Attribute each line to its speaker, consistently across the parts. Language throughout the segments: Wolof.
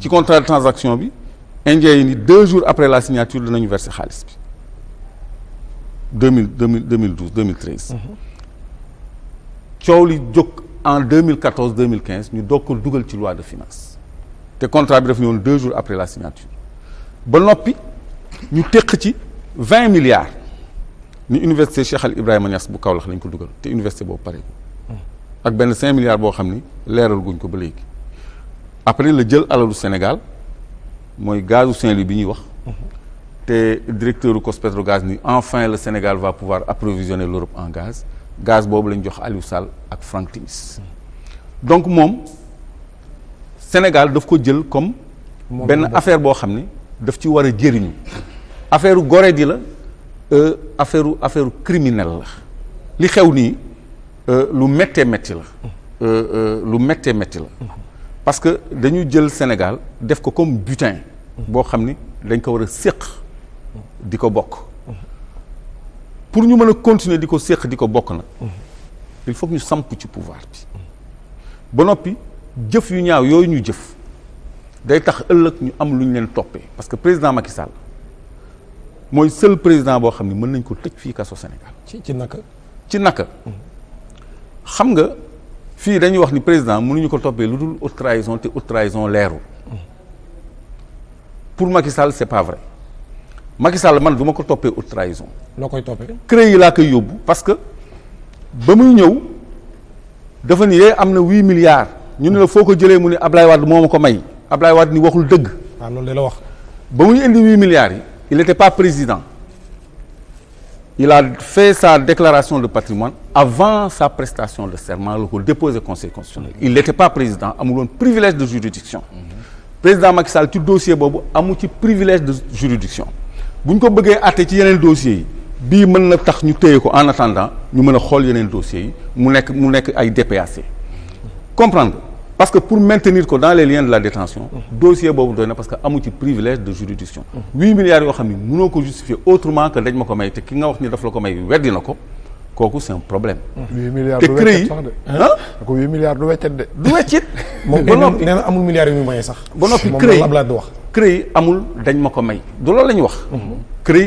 Speaker 1: ci contrat de transaction bi indien yi ni deux jours après la signature danañu verser xaalis bi deux mille deux mille deux mille douze deux mille treize mhm. coow li jóg en deux mille quatorze deux mille quinze ñu doog ko dugal ci loi de finance te contrat bi daf ñëwoon deux jours après la signature ba noppi ñu teq ci vingt milliards ni université Cheikh Al Ibrahima Niass bu Kaolack lañ ko dugal te université boobu pare mhm. ak benn cinq milliards boo xam ni leeral guñ ko ba léegi après la jël alalu Sénégal mooy gazu Saint-Louis bi ñuy wax mhm. te directeur u Cospetrogaz ni enfin le Sénégal va pouvoir approvisionner l'Europe en gaz gaz boobu lañ jox Aliou Sall ak Frank Timis mhm. donc moom Sénégal daf ko jël comme benn affaire boo xam ne daf ci war a jëriñu affaire u gore di la euh, affaire u affaire u criminel la li xew nii euh, lu méttee métti la mhm. euh, lu méttee métti la parce que dañu jël Sénégal def ko comme butin boo xam ni dañ ko war a séq di ko bokk pour ñu mën a continuer di ko séq di ko bokk nag il faut ñu samp ci pouvoir bi ba noppi jëf yu ñaaw yooyu ñu jëf day tax ëllëg ñu am lu ñu leen toppee parce que président Macky Sall mooy seul président boo xam ne mën nañ ko tëj fii kaso Sénégal. ci ci naka. ci naka xam nga. fii dañuy wax ni président mënuñu ko toppee lu dul haute trahison te haute trahison leerul pour Macky Sall c'est pas vrai Macky man du ma ko toppee haute trahison. loo koy toppee CREI yi laa koy yóbbu parce que ba muy ñëw dafa ni yee am na huit milliards. ñu ne la foo ko jëlee mu ne Ablaye Wade moo ma ko may Ablaye Wade ni waxul dëgg. waaw ah, loolu la wax. ba muy indi huit milliards yi il n'était pas président. il a fait sa déclaration de patrimoine avant sa prestation de serment la ko déposé conseil constitutionnel il n'était pas président amul woon privilège de juridiction mhm. président Macky Sall ci dossier boobu amul ci privilège de juridiction bu ñu ko bëggee àtte ci yeneen dossiers yi bii mën na tax ñu téye ko en attendant ñu mën a xool yeneen dossiers yi mu nekk mu nekk ay DPAC comprendre parce que pour maintenir ko dans les liens de la détention dossier boobu doy na parce que amu ci privilège de juridiction huit milliards yoo xam ni mënoo ko justifier autrement que dañ ma ko may te ki nga wax ni daf la ko may weddi na ko kooku c'est un problème. huit milliards du ah, amul dañ ma ko may du loolu la ñu wax.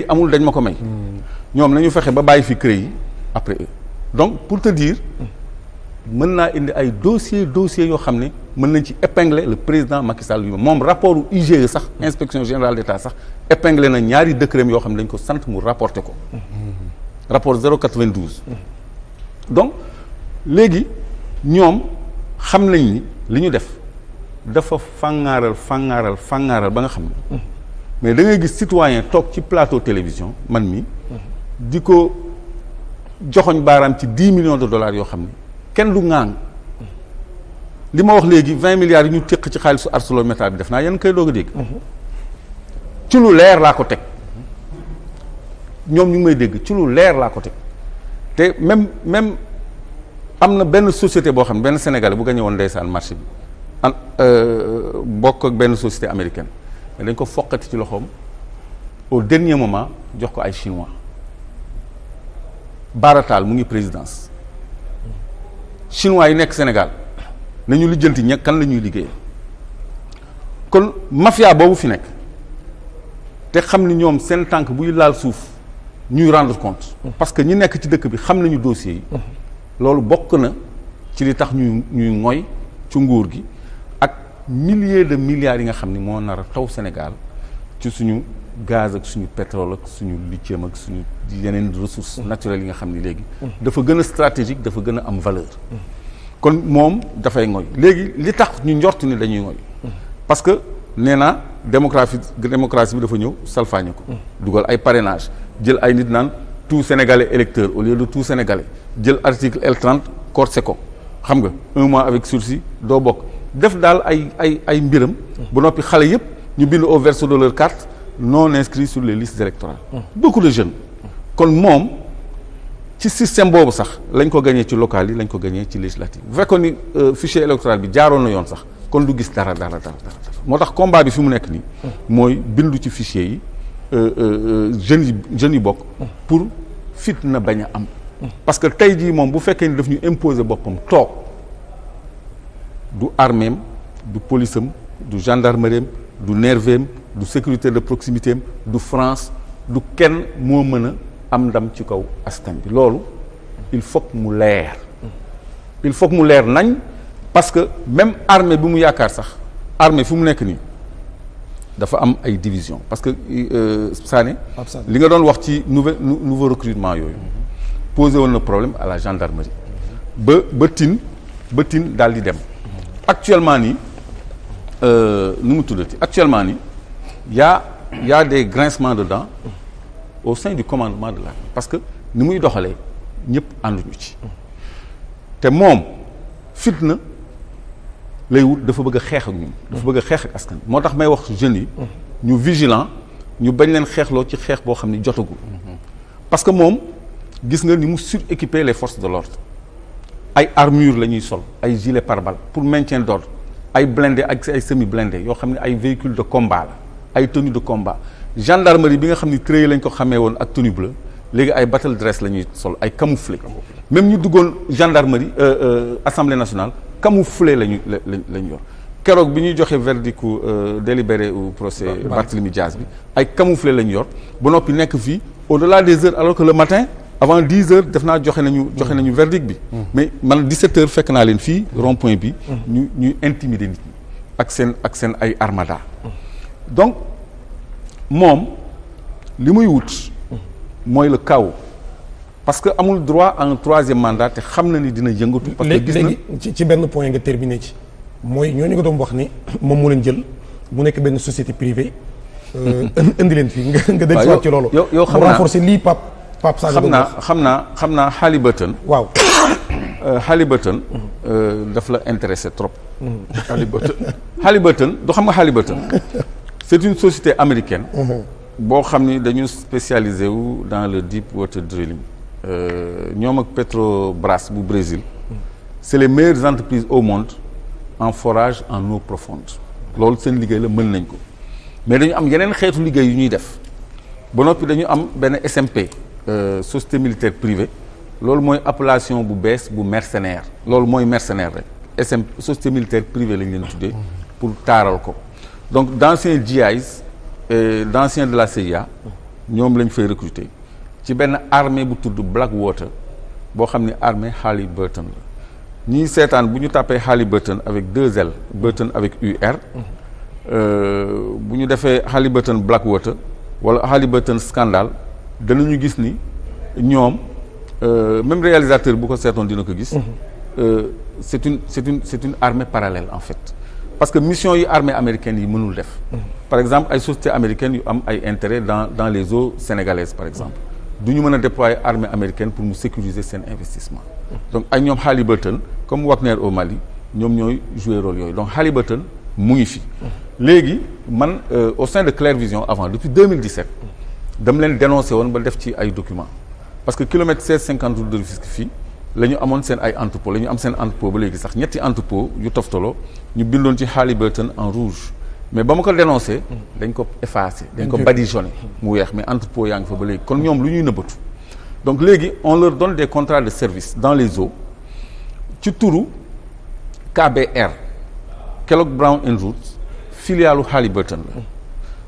Speaker 1: amul dañ ma ko may. Hmm. ñoom nañu fexe ba bàyyi fi CREI après donc pour te dire. mën naa indi ay dossier dossier yoo xam ne mën nañ ci épingler le président Macky Sall lui moom rapport u IGE sax inspection générale d'État sax épingler na ñaari décret yoo xam ne dañ ko sant mu rapporté ko rapport 092 donc léegi ñoom xam nañ ni li ñu def dafa fangaaral fangaaral fangaaral ba nga xam ne mais da ngay gis citoyen toog ci plateau télévision man mi di ko joxoñ baaraam ci dix millions de dollars yoo xam ne kenn du ŋaang li ma wax léegi vingt milliards yi ñu téq ci xaalisu ArcelorMittal bi def naa yéen koy doog a dégg ci lu leer laa ko teg ñoom ñu ngi may dégg ci lu leer laa ko teg te même même am na benn société boo xam ne benn sénégalais bu gagné woon ndeysaan marché bi an euh, bokk ak benn société américaine mais dañ ko foqati ci loxoom au dernier moment jox ko ay chinois Baratal mu ngi présidence chinois yi nekk Sénégal nañu lijjanti ña kan la ñuy liggéey kon mafia boobu fi nekk te xam ni ñoom seen tànk buy laal suuf ñuy rendre compte. parce que ñi nekk ci dëkk bi xam nañu dossiers yi. loolu bokk na ci li tax ñuy ñuy mooy ci nguur gi ak milliers de milliards yi nga xam ni moo nara taw Sénégal ci suñu. gaz ak suñu pétrole ak suñu lithium ak suñu yeneen ressources naturelles yi nga xam ni léegi dafa gën a stratégique dafa gën a am valeur kon moom dafay ngoy léegi li tax ñu njort ni dañuy ngoy parce que nee naa démocratie démocratie bi dafa ñëw salfaañe ko dugal ay parrainage jël ay nit naan tout sénégalais électeur au lieu de tout sénégalais jël article L30 corsé ko xam nga un mois avec sursis doo bokk def daal ay ay ay mbiram bu noppi xale yëpp ñu bind au non inscrits sur les listes électorales beaucoup de jeune kon moom ci système boobu sax lañ ko gañee ci local yi lañ ko gañee ci législative bu fekkoon ni euh, fichier électoral bi jaaroon na yoon sax kon du gis dara dara dara moo tax combat bi fi mu nekk nii mooy bindu ci fichier yi euh, euh, jeunes yi jeunes yi bokk pour fitna bañ am parce que tey jii moom bu fekkee ni daf ñu imposer boppam toog du arméem du policeam du gendarmerie am du nerveem du sécurité de proximité du France du kenn moo mën a am ndam ci kaw askan bi loolu il faut mu leer il faut mu leer nañ parce que même armée bi mu yaakaar sax armée fi mu nekk nii dafa am ay division parce que euh, li nga doon wax ci nouveau nouveau recrutement yooyu posé woon na problème à la gendarmerie ba ba tin ba tin daal di dem actuellement nii euh, nu mu tuddati actuellement nii yaa a il y a des grincements de dents au sein du commandement de la parce que ni muy doxalee ñëpp ànduñu ci te moom fitna lay wut dafa bëgg xeex ak ñun dafa bëgg xeex ak askan moo tax may wax jeunes yi ñu vigilant ñu bañ leen xeexloo ci xeex boo xam ni jotagul parce que moom gis nga ni mu suréquiper les forces de l'ordre ay armure la ñuy sol ay gilet pare pour maintien d'ordre ay blindés ak ay semi blindés yoo xam ne ay véhicules de combat la ay tenue de combat gendarmerie bi nga xam ni créé lañ ko xamee woon ak tenue bleue léegi ay battle dress la ñuy sol ay camouflé même ñu duggoon gendarmerie euh, euh, assemblée nationale camouflé la ñu la la ñu yor keroog bi ñuy joxe verdict euh, délibéré au procès Barthélemy Diaz bi ay camouflé la ñu yor ba noppi nekk fii au de delà des heures alors que le matin avant dix heures def naa joxe nañu joxe nañu verdict bi mm. mais man dix heures fekk naa leen fii mm. rond point bi mm. ñu ñuy intimider nit ñi ak seen ak seen ay armada donc moom li muy wut mooy le chaos parce que amul droit à un troisième mandat te xam na ni dina yëngatu. parce que gis na ci benn point nga terminé ci. mooy ñooñu nga doon wax ni moom mu leen jël mu nekk benn société privée. Euh, indi leen fii nga nga dellusiwaat ci loolu. yow yow xam naa renforcer lii pap Pape Saga xam naa xam naa xam naa Halliburton. waaw euh, Halliburton. Euh, daf la intéressé trop. Mm. Halliburton Halliburton du xam nga Halliburton. c'est une société américaine. Mmh. boo xam ni dañu spécialisé wu dans le deep water drilling. Euh, ñoom ak petro Petrobras bu Brésil. Mmh. c'est les meilleures entreprises au monde en forage en eau profonde. loolu seen liggéey la mën nañ ko. mais dañu am yeneen xeetu liggéey yu ñuy def. ba noppi dañu am benn SMP. Euh, société militaire privée. loolu mooy appellation bu bees bu mercenaire. loolu mooy mercenaire rek. SMP société militaire privée lañ leen tuddee. Mmh. pour taaral ko. donc d'anciens GIs et d'anciens de la cea ñoom lañ fay recruter ci benn armée bu tudd Blackwater boo xam ne armée Halliburton la ñiy seetaan bu ñu tàppee Halliburton avec deux L Burton avec UR euh, bu ñu defee Halliburton Blackwater wala Halliburton scandale ñu gis ni ñoom euh, même réalisateur bu ko seetoon dina ko gis mm-hmm. euh, c'est une c'est une c'est une armée parallèle en fait parce que mission yu armée américaine yi mënul def par exemple ay sociétés américaines yu am ay intérêt dans dans les eaux sénégalaises par exemple du ñu mën a déployer armée américaine pour mu sécuriser seen investissement donc ay ñoom Halliburton comme Wagner au Mali ñoom ñooy jouer rôle yooyu donc Halliburton mu ngi fi léegi man euh, au sein de Claire Vision avant depuis 2017 leen dénoncé woon ba def ci ay documents parce que kilomètre 16 52 de Rufisque fii la ñu amoon seen ay entrepôt la ñu am seen entrepôt ba léegi sax ñetti entrepôt yu toftaloo ñu bindoon ci Halliburton en rouge mais ba ma ko dénoncé dañ ko effacé dañ ko badigeonné mu weex mais entrepôt yaa ngi fa ba léegi kon ñoom lu ñuy nëbbatu donc léegi on leur donne des contrats de service dans les eaux ci turu KBR Kellogg Brown and Roots filialu Halliburton la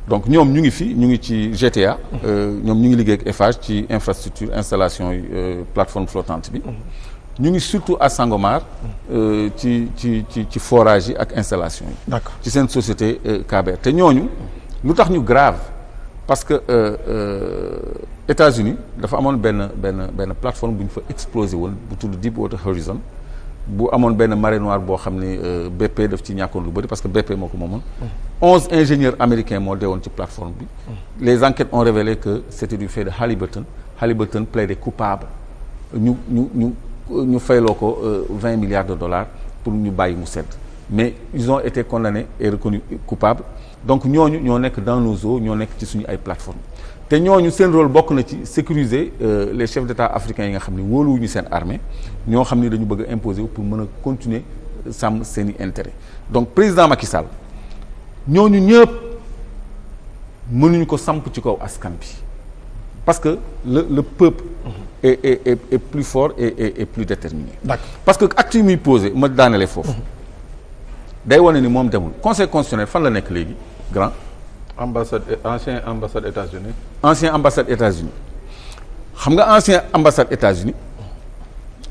Speaker 1: donc ñoom ñu ngi fi ñu ngi ci GTA. Euh, ñoom ñu ngi liggéey ak Eiffage ci infrastructure installation euh, plateforme flottante bi. ñu ngi surtout à Sangomar. Euh, ci ci ci ci forage yi ak installation yi. d'accord ci seen société KBR te ñooñu lu tax ñu grave parce que États-Unis dafa amoon benn benn benn plateforme bu ñu fa explosé woon bu tudd Deepwater Horizon. bu amoon benn marée boo xam ni euh, bépp def ci ñàkkoon lu bëri parce que BP moo ko moomoon. Mm. onze ingénieurs américains moo deewoon ci plateforme bi. Mm. les enquêtes ont révélé que c' était du fait de Halliburton Halliburton plaidait coupable ñu ñu ñu ñu fayloo ko euh, vingt milliards de dollars pour ñu bàyyi mu sedd mais ils ont été condamnés et reconnus coupables donc ñooñu ñoo nekk dans nos eaux ñoo nekk ci suñu ay plateformes. te ñooñu seen rôle bokk na ci sécuriser euh, les chefs d'État africains yi nga xam ne wóoluwuñu seen armée ñoo xam ne dañu bëgg a imposer pour mën a continuer euh, sàmm seen i intérêt donc président Macky Sall ñooñu ñëpp mënuñu ko samp ci kaw askan bi parce que le le peuple mm-hmm. et est est, est plus fort et est, est plus déterminé. parce que acte yi muy posé ma daanelee foofu. Mm-hmm. day wane ni moom demul conseil constitutionnel fan la nekk léegi ambassade ancien ambassade États-Unis ancien ambassade États-Unis xam nga ancien ambassade États-Unis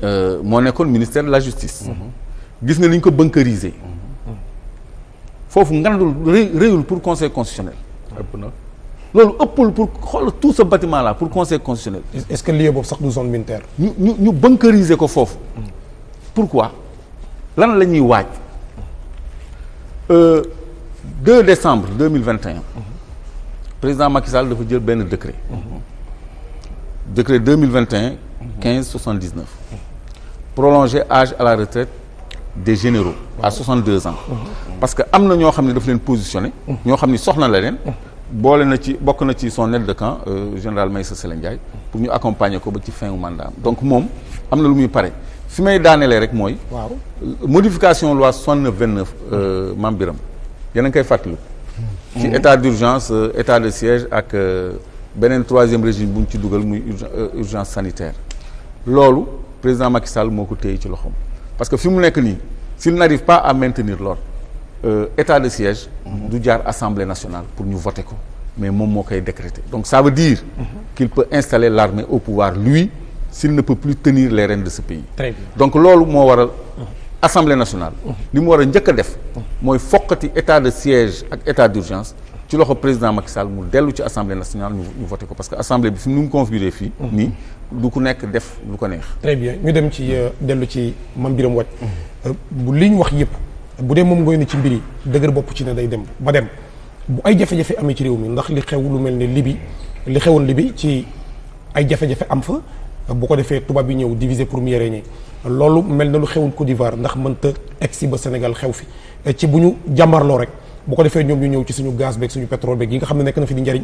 Speaker 1: euh, moo nekkoon ministère de la justice mhm. gis nga ni ñu ko bunkeriser foofu ngandul réyul pour conseil constitutionnel ëpp na loolu ëppul pour xool tout ce batiment là pour conseil constitutionnel est-ce que lieu boobu sax du zone militaire ñu ñu ñu bunkeriser ko foofu mhm. pourquoi lan la ñuy waaj euh, 2 décembre 2021 président Macky Sall dafa jël benn décret décret 2021 1579 prolonger âge à la retraite des généraux à 62 ans parce que am na ñoo xam ne dafa leen positionné ñoo xam ni soxna la leen boole na ci bokk na ci son aide de camp euh, général Maïssa Sélé pour ñu accompagner ko ba ci fin wu mandat donc moom am na lu muy pare fi may daanelee rek mooy modification loi 69 29 euh, Mame Biram yéen a koy fàttaliku. ci hmm. état d'urgence euh, état de siège ak euh, beneen troisième régime bu ñu ci dugal muy euh, urgence sanitaire loolu président Macky Sall moo ko téye ci loxoom parce que fi mu nekk nii s'il n'arrive pas à maintenir l'ordre euh, état de siège hmm. du jaar assemblée nationale pour ñu voter ko mais moom moo koy décréter donc ça veut dire hmm. qu'il peut installer l'armée au pouvoir lui s'il ne peut plus tenir les rênes de ce pays donc loolu moo waral assemblée nationale li mu war a njëkk a def mooy foqati état de siège ak état d'urgence ci loxo président Macky Sall mu dellu ci assemblée nationale ñu voté ko parce que assemblée bi fi nu mu fii mhm. nii du nekk def lu ko neex très bien dem ci euh, dellu ci Mame Birame Wathie mhm. euh, bu li ñu wax yëpp bu dee moom ngoy na ci mbiri dëgër bopp ci ne day dem ba dem bu ay jafe-jafe amee ci réew mi ndax li xew lu mel ni Libi li xewoon Libi ci ay jafe-jafe am fa bu ko defee tubaab yi ñëw diviser pour mieux régner loolu mel na lu xewul Côte d'Ivoire ndax mënta egg si ba Sénégal xew fi ci bu ñu jàmbarloo rek bu ko defee ñoom ñu ñëw ci suñu gaz beeg suñu pétrole beeg yi nga xam ne nekk na fi di njariñ